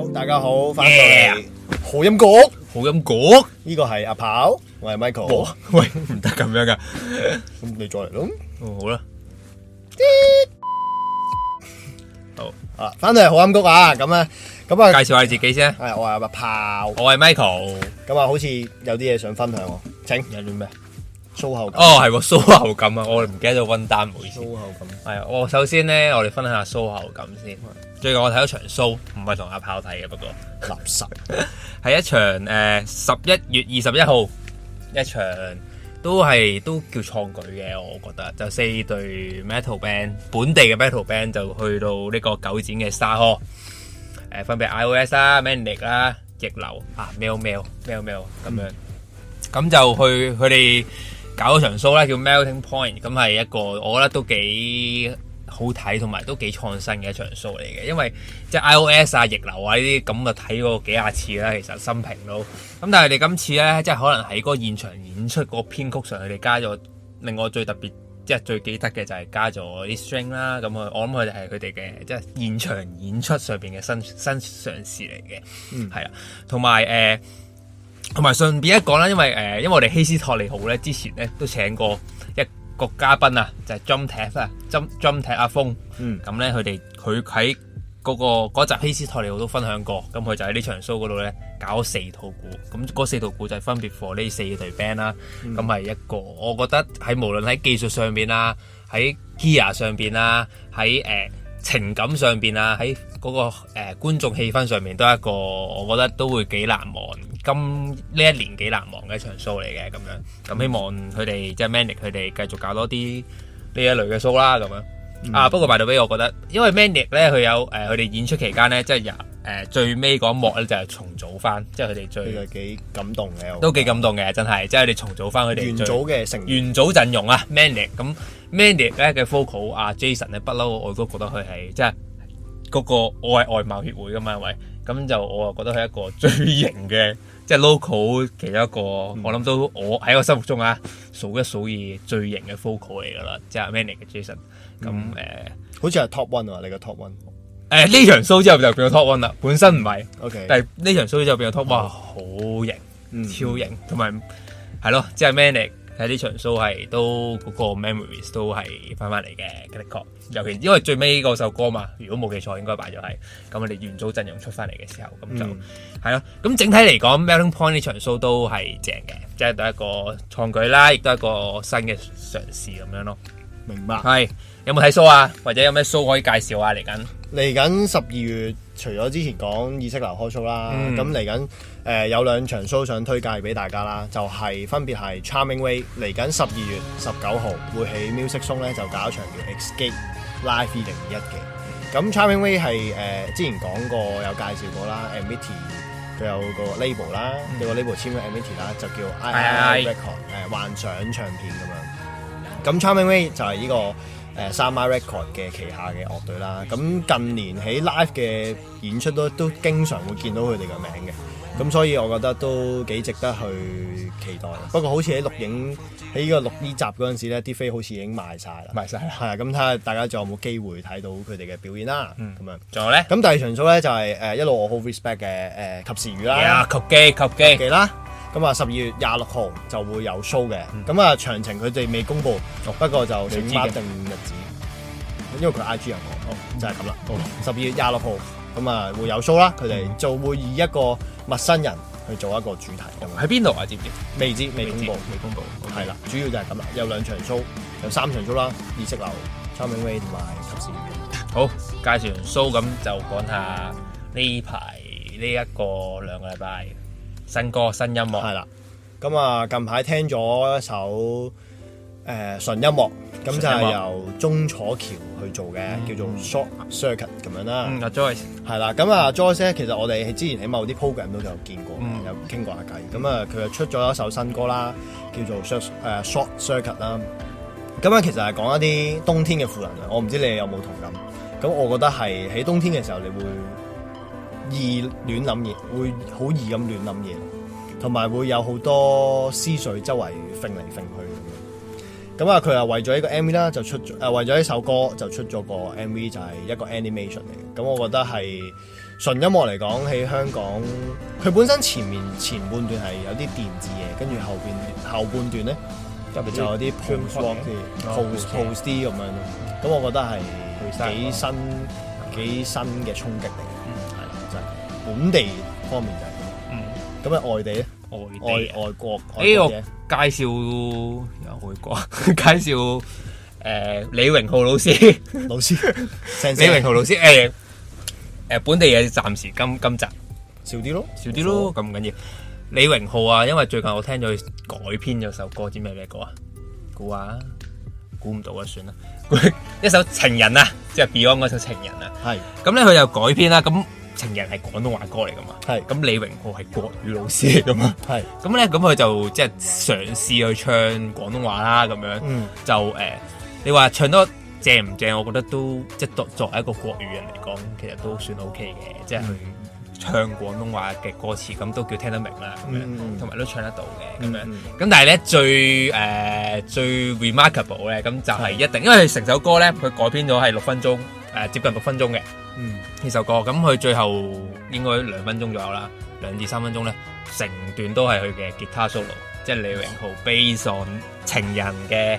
好，大家好，翻到嚟好音谷，好音谷，呢個係阿豹，我係 Michael。喂，唔得咁樣噶，咁你再嚟咯。哦，好啦。好啊，翻到嚟好音谷啊，咁啊，咁啊，介紹下自己先。係，我係阿豹，我係 Michael。咁啊，好似有啲嘢想分享。請有啲咩？粗喉哦，係喎粗喉感啊！我哋唔記得咗溫單回事。粗喉感係啊！我首先咧，我哋分享下粗喉感先。最近我睇咗場 show，唔係同阿炮睇嘅，不過垃圾。係一場誒，十一月二十一號一場，都係都叫創舉嘅，我覺得。就四隊 metal band，本地嘅 metal band 就去到呢個九展嘅 Star Hall。誒分別 IOS 啦、Manic 啦、逆流啊、Mel Mel Mel Mel 咁樣。咁就去佢哋搞咗場 show 啦，叫 Melting Point，咁係一個我覺得都幾好睇同埋都幾創新嘅一場 show 嚟嘅，因為即係 iOS 啊、逆流啊呢啲咁就睇過幾廿次啦，其實心平都咁。但係你今次咧，即係可能喺個現場演出嗰個編曲上，佢哋加咗令我最特別，即係最記得嘅就係加咗啲 string 啦。咁啊，我諗佢哋係佢哋嘅即係現場演出上面嘅新新嘗試嚟嘅。嗯，係啦，同埋誒，同埋順便一講啦，因為、呃、因為我哋希斯托利號咧之前咧都請過。那個嘉賓啊，就係、是、jump tap 啊，jump jump tap 阿峯，咁咧佢哋佢喺嗰個嗰集《希斯托利號》我都分享過，咁佢就喺呢場 show 嗰度咧搞四套鼓，咁嗰四套鼓就係分別 for 呢四隊 band、啊、啦，咁、嗯、係一個，我覺得喺無論喺技術上邊啊，喺 gear 上邊啊，喺誒、呃、情感上邊啊，喺。嗰個誒觀眾氣氛上面都係一個，我覺得都會幾難忘。今呢一年幾難忘嘅場 show 嚟嘅，咁樣，咁希望佢哋即係 Mandy 佢哋繼續搞多啲呢一類嘅 show 啦咁樣。啊不過 by the way 我覺得，因為 Mandy 咧佢有誒佢哋演出期間咧即係人誒最尾嗰一幕咧就係重組翻，即係佢哋最幾感動嘅，都幾感動嘅真係，即係佢哋重組翻佢哋元祖嘅成元祖陣容啊 Mandy 咁 Mandy 咧嘅 vocal 阿 Jason 咧不嬲我都覺得佢係即係。嗰、那個我係外貌協會噶嘛，喂，咪？咁就我啊覺得係一個最型嘅，即係 local 其中一個。我諗到我喺我心目中啊，數一數二最型嘅 focal 嚟噶啦，即係 Manic 嘅 Jason。咁、嗯、誒、呃，好似係 top one 喎，你個 top one。誒、呃、呢場 show 之後就變咗 top one 啦，本身唔係 OK，但係呢場 show 之後變咗 top、oh.one，好型，超型，同埋係咯，即係 Manic。睇呢場 show 係都嗰、嗰個 memories 都係翻翻嚟嘅，嘅的確。尤其因為最尾嗰首歌嘛，如果冇記錯應該擺咗係咁我哋原組陣容出翻嚟嘅時候，咁就係咯。咁、嗯啊、整體嚟講，Melting Point 呢場 show 都係正嘅，即係都一個創舉啦，亦都係一個新嘅嘗試咁樣咯。明白。係有冇睇 show 啊？或者有咩 show 可以介紹啊？嚟緊嚟緊十二月，除咗之前講意識流開 show 啦，咁嚟緊。呃、有兩場 show 想推介俾大家啦，就係、是、分別係 Charming Way 嚟緊十二月十九號會喺 Music Zone 咧就搞一場叫 Escape Live 二零二一嘅。咁 Charming Way 係、呃、之前講過有介紹過啦，Mitty 佢有個 label 啦，佢、嗯這個 label 簽咗 Mitty 啦，就叫 I I Record 誒、啊、幻想唱片咁樣。咁 Charming Way 就係呢、這個誒、呃、三 I Record 嘅旗下嘅樂隊啦。咁近年喺 live 嘅演出都都經常會見到佢哋嘅名嘅。咁所以我覺得都幾值得去期待嘅。不過好似喺錄影喺呢個錄呢集嗰陣時咧，啲飛好似已經賣晒啦。賣曬，係啊，咁睇下大家仲有冇機會睇到佢哋嘅表演啦。咁、嗯、樣仲有咧？咁第二場 show 咧就係、是、誒一路我好 respect 嘅誒及時雨啦。啊，及機及機啦。咁啊，十二月廿六號就會有 show 嘅。咁、嗯、啊，詳情佢哋未公布、哦，不過就請翻定日子。因為佢 IG 有講、哦，就係咁啦。十、嗯、二、哦嗯、月廿六號。咁啊，會有 show 啦，佢哋就會以一個陌生人去做一個主題咁。喺邊度啊？知唔知？未知，未公布，未公布。係啦，主要就係咁啦。有兩場 show，有三場 show 啦。意識流、Charming Way 同埋頭先。好，介紹完 show 咁就講下呢排呢一個兩個禮拜新歌新音樂。係啦，咁啊近排聽咗一首誒純音樂，咁就係由鍾楚喬去做嘅，嗯，叫做 short circuit 咁，嗯、樣啦。嗯，Joyce 係啦，咁啊 Joyce 咧，其實我哋之前喺某啲 program 都有見過，嗯、有傾過下偈。咁，嗯、啊，佢又出咗一首新歌啦，叫做 short 誒 short circuit 啦。咁啊，其實係講一啲冬天嘅負能量。我唔知你有冇同感。咁我覺得係喺冬天嘅時候，你會易亂諗嘢，會好易咁亂諗嘢，同埋會有好多思緒周圍揈嚟揈去。咁啊，佢又為咗一個 M V 啦，就出咗誒為咗一首歌就出咗個 M V，就係一個 animation 嚟嘅。咁我覺得係純音樂嚟講喺香港，佢本身前面前半段係有啲電子嘢，跟住後邊後半段咧，入邊就有啲 post 啲 post post 啲咁樣咯。咁我覺得係幾新、yeah. 幾新嘅衝擊嚟嘅，係、mm-hmm. 啦，真係本地方面就係咁啊，mm-hmm. 外地咧。外外外國，哎喲！介紹有外國，介紹誒李榮浩老師老師，李榮浩老師誒誒本地嘢，暫時今今集少啲咯，少啲咯咁唔緊要。李榮浩啊，因為最近我聽咗佢改編咗首歌，知咩咩歌啊？估啊，估唔到啊，算啦。一首情人啊，即係 Beyond 嗰首情人啊，係咁咧，佢又改編啦，咁。情人係廣東話歌嚟㗎嘛，係咁李榮浩係國語老師嚟㗎嘛，係咁咧，咁佢就即係嘗試去唱廣東話啦，咁樣，就誒你話唱得正唔正？我覺得都即係作作為一個國語人嚟講，其實都算 OK 嘅，即係去唱廣東話嘅歌詞咁都叫聽得明啦，咁樣，同埋都唱得到嘅咁樣。咁但係咧最誒最 remarkable 咧咁就係一定，因為佢成首歌咧佢改編咗係六分鐘誒接近六分鐘嘅。嗯，呢首歌咁佢最後應該兩分鐘左右啦，兩至三分鐘咧，成段都係佢嘅吉他 solo，即係李榮浩 based on 情人嘅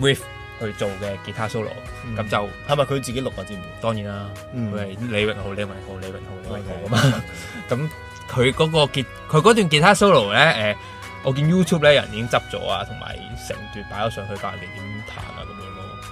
riff 去做嘅吉他 solo，咁、嗯、就係咪佢自己錄嘅節目？當然啦，佢、嗯、係李榮浩，李榮浩，李榮浩，李榮浩啊嘛。咁佢、okay, okay. 個吉佢段吉他 solo 咧，誒、呃，我見 YouTube 咧人已經執咗啊，同埋成段擺咗上去，但係你點彈？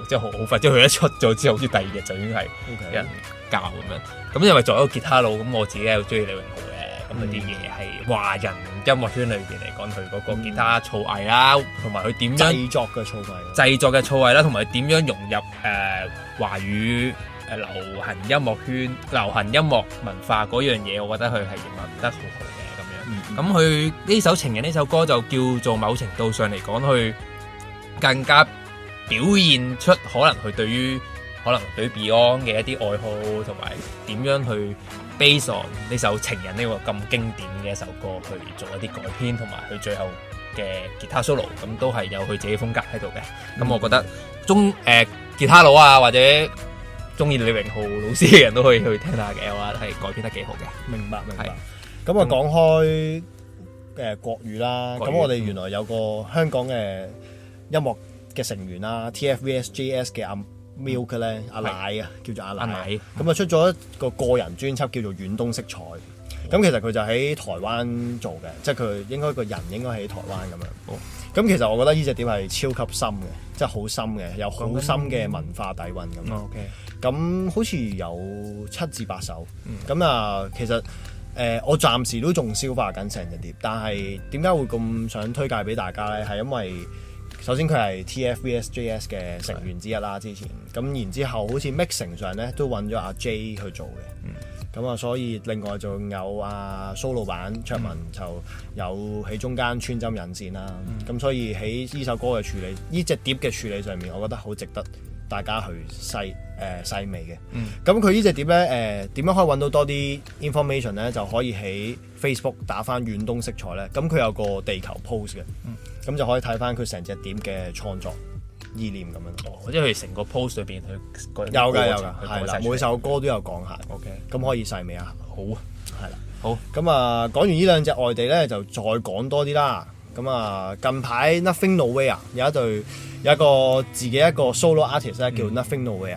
即係好好快，即係佢一出咗之後，好似第二日就已經係有人教咁樣。咁、okay. 因為作為一個吉他佬，咁我自己又中意李榮浩嘅。咁佢啲嘢係華人音樂圈裏邊嚟講，佢嗰個吉他造詣啦，同埋佢點樣製作嘅造詣，製作嘅造詣啦，同埋佢點樣融入誒、呃、華語誒、呃、流行音樂圈、流行音樂文化嗰樣嘢，我覺得佢係融合得好好嘅咁樣。咁佢呢首《情人》呢首歌就叫做某程度上嚟講，佢更加，表現出可能佢對於可能對 Beyond 嘅一啲愛好，同埋點樣去 base on 呢首《情人》呢個咁經典嘅一首歌，去做一啲改編，同埋佢最後嘅吉他 solo，咁都係有佢自己的風格喺度嘅。咁、嗯、我覺得中誒、呃、吉他佬啊，或者中意李榮浩老師嘅人都可以去聽下嘅。話係改編得幾好嘅。明白，明白。咁啊，講、嗯、開誒、呃、國語啦。咁我哋原來有個香港嘅音樂。嘅成員啦 TFVSJS 嘅阿 Milk 咧、嗯，阿奶啊，叫做阿奶，咁、嗯、啊出咗一個個人專輯叫做《遠東色彩》。嗯。咁其實佢就喺台灣做嘅、嗯，即係佢應該個人應該喺台灣咁樣。咁、嗯、其實我覺得呢隻碟係超級深嘅、嗯，即係好深嘅，有好深嘅文化底蘊咁。OK 咁好似有七至八首。嗯。咁啊，其實誒、呃，我暫時都仲消化緊成隻碟，但係點解會咁想推介俾大家咧？係因為首先佢係 TFVSJS 嘅成員之一啦，之前咁然之後，好似 mixing 上咧都揾咗阿 J 去做嘅，咁啊，所以另外仲有阿蘇老闆卓文就有喺中間穿針引線啦，咁、嗯、所以喺呢首歌嘅處理，呢隻碟嘅處理上面，我覺得好值得大家去細。誒、呃、細微嘅，咁、嗯、佢呢隻碟咧？誒、呃、點樣可以搵到多啲 information 咧？就可以喺 Facebook 打翻遠東色彩咧。咁佢有個地球 post 嘅，咁、嗯、就可以睇翻佢成隻碟嘅創作意念咁樣。哦、即佢成個 post 裏邊，佢有㗎有㗎，每首歌都有講下。OK，咁可以細味啊？好啊，係啦，好。咁啊，講完呢兩隻外地咧，就再講多啲啦。咁啊，近排 Nothing Nowhere 有一對有一個自己一個 solo artist 呢、嗯、叫 Nothing Nowhere。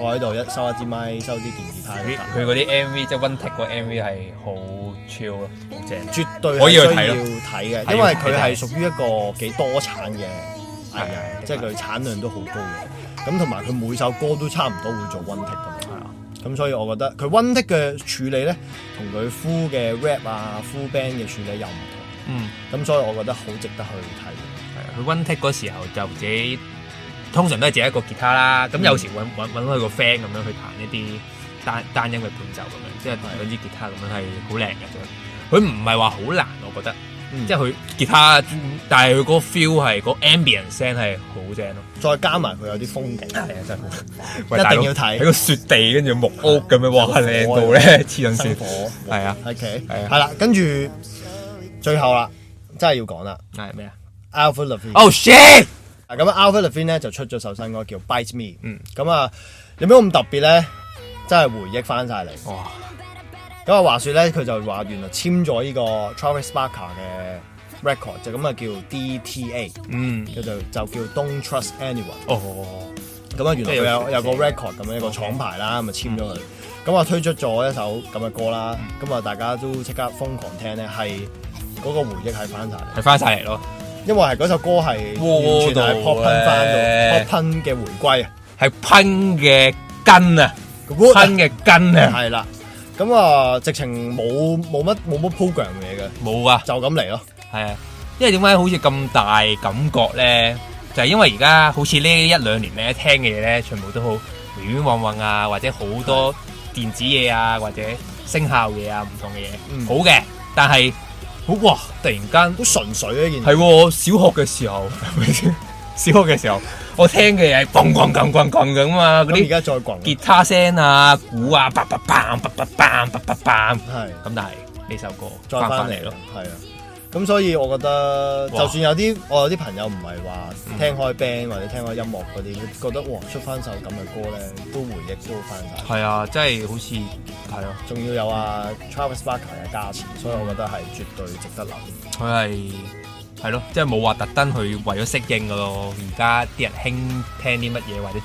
我喺度一收一支麥，收支電子派佢嗰啲 MV 即係 One Take 嗰 MV 係好超咯，好正，絕對可以去睇咯。因為佢係屬於一個幾多產嘅，係即係佢產量都好高嘅。咁同埋佢每首歌都差唔多會做 One Take 噶嘛，咁所以我覺得佢 One Take 嘅處理咧，同佢 Full 嘅 rap 啊，Full band 嘅處理又唔同。嗯，咁所以我覺得好值得去睇。係啊，佢 One Take 嗰時候就只。通常都係自己一個吉他啦，咁有時搵搵搵返個 friend 咁樣去彈一啲單單音嘅伴奏咁樣，即係兩支吉他咁樣係好靚嘅，佢唔係話好難，我覺得，嗯、即係佢吉他，嗯、但係佢嗰個 feel 係 ambience 聲係好正咯，再加埋佢有啲風景，係、嗯、啊真係一定要睇喺個雪地跟住木屋咁樣，哇，靚到咧，黐緊線，係啊，OK，係啦、啊啊啊，跟住最後啦，真係要講啦，係咩啊 Avril Lavigne Oh Shit！咁 Avril Lavigne 咧就出咗首新歌叫 Bite Me。嗯，咁啊有咩咁特別咧？真係回憶翻晒嚟。哇！咁啊，話說咧，佢就話原來簽咗呢個 Travis Barker 嘅 record，就咁啊叫 D T A。嗯，佢就就叫 Don't Trust Anyone。哦，咁、哦、啊，哦、原來有、嗯、有個 record 咁、哦、樣一個廠牌啦，咁啊簽咗佢。咁啊、嗯、推出咗一首咁嘅歌啦，咁、嗯、啊大家都即刻瘋狂聽咧，係嗰個回憶係翻晒嚟，係翻晒嚟咯。因為係嗰首歌係完全係 pop 返到 pop 嘅回歸啊，係 punk 嘅根啊，punk 嘅根啊，係啦，咁啊直情冇冇乜冇乜 program 嘢嘅，冇啊，就咁嚟咯，係啊，因為點解好似咁大感覺咧？就係因為而家好似呢一兩年咧聽嘅嘢咧，全部都好飄飄晃晃啊，或者好多電子嘢啊，或者聲效嘢啊，唔同嘅嘢，好嘅，但係。哇！突然間好純粹一、啊、件事，係、哦、小學嘅時候， 小學嘅時候， 我聽嘅嘢滾滾滾滾滾咁啊，嗰啲而家再滾吉他聲啊，鼓啊叭叭叭叭叭叭叭，g 係咁，是是但係呢首歌再翻嚟咯，係啊。咁所以我覺得，就算有啲我、哦、有啲朋友唔係話聽開 band、嗯、或者聽開音樂嗰啲，佢覺得哇出翻首咁嘅歌咧，都回憶都翻曬。係啊，即係好似係啊。仲要有啊、嗯、Travis Barker 嘅加持，所以我覺得係絕對值得留。佢係係咯，即係冇話特登去為咗適應㗎囉，而家啲人興聽啲乜嘢，或者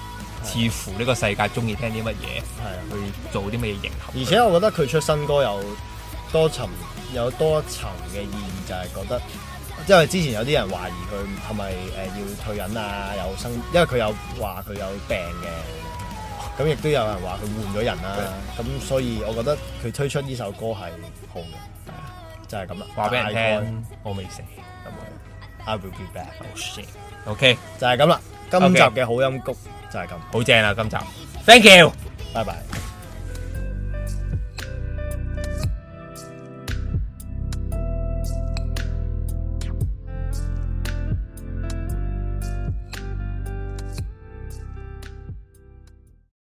似乎呢個世界中意聽啲乜嘢，係啊，去做啲乜嘢迎合。而且我覺得佢出新歌有多層。有多一層嘅意義，就係覺得，因為之前有啲人懷疑佢係咪誒要退隱啊，有生，因為佢有話佢有病嘅，咁亦都有人話佢換咗人啦，咁、yeah. 啊、所以我覺得佢推出呢首歌係好嘅，yeah. 就係咁啦。話俾你聽，我未死，咁我，I will be back。Oh shit。OK 就係咁啦，今集嘅好音谷，就係咁，好正啦，啊，今集。Thank you 拜拜。b y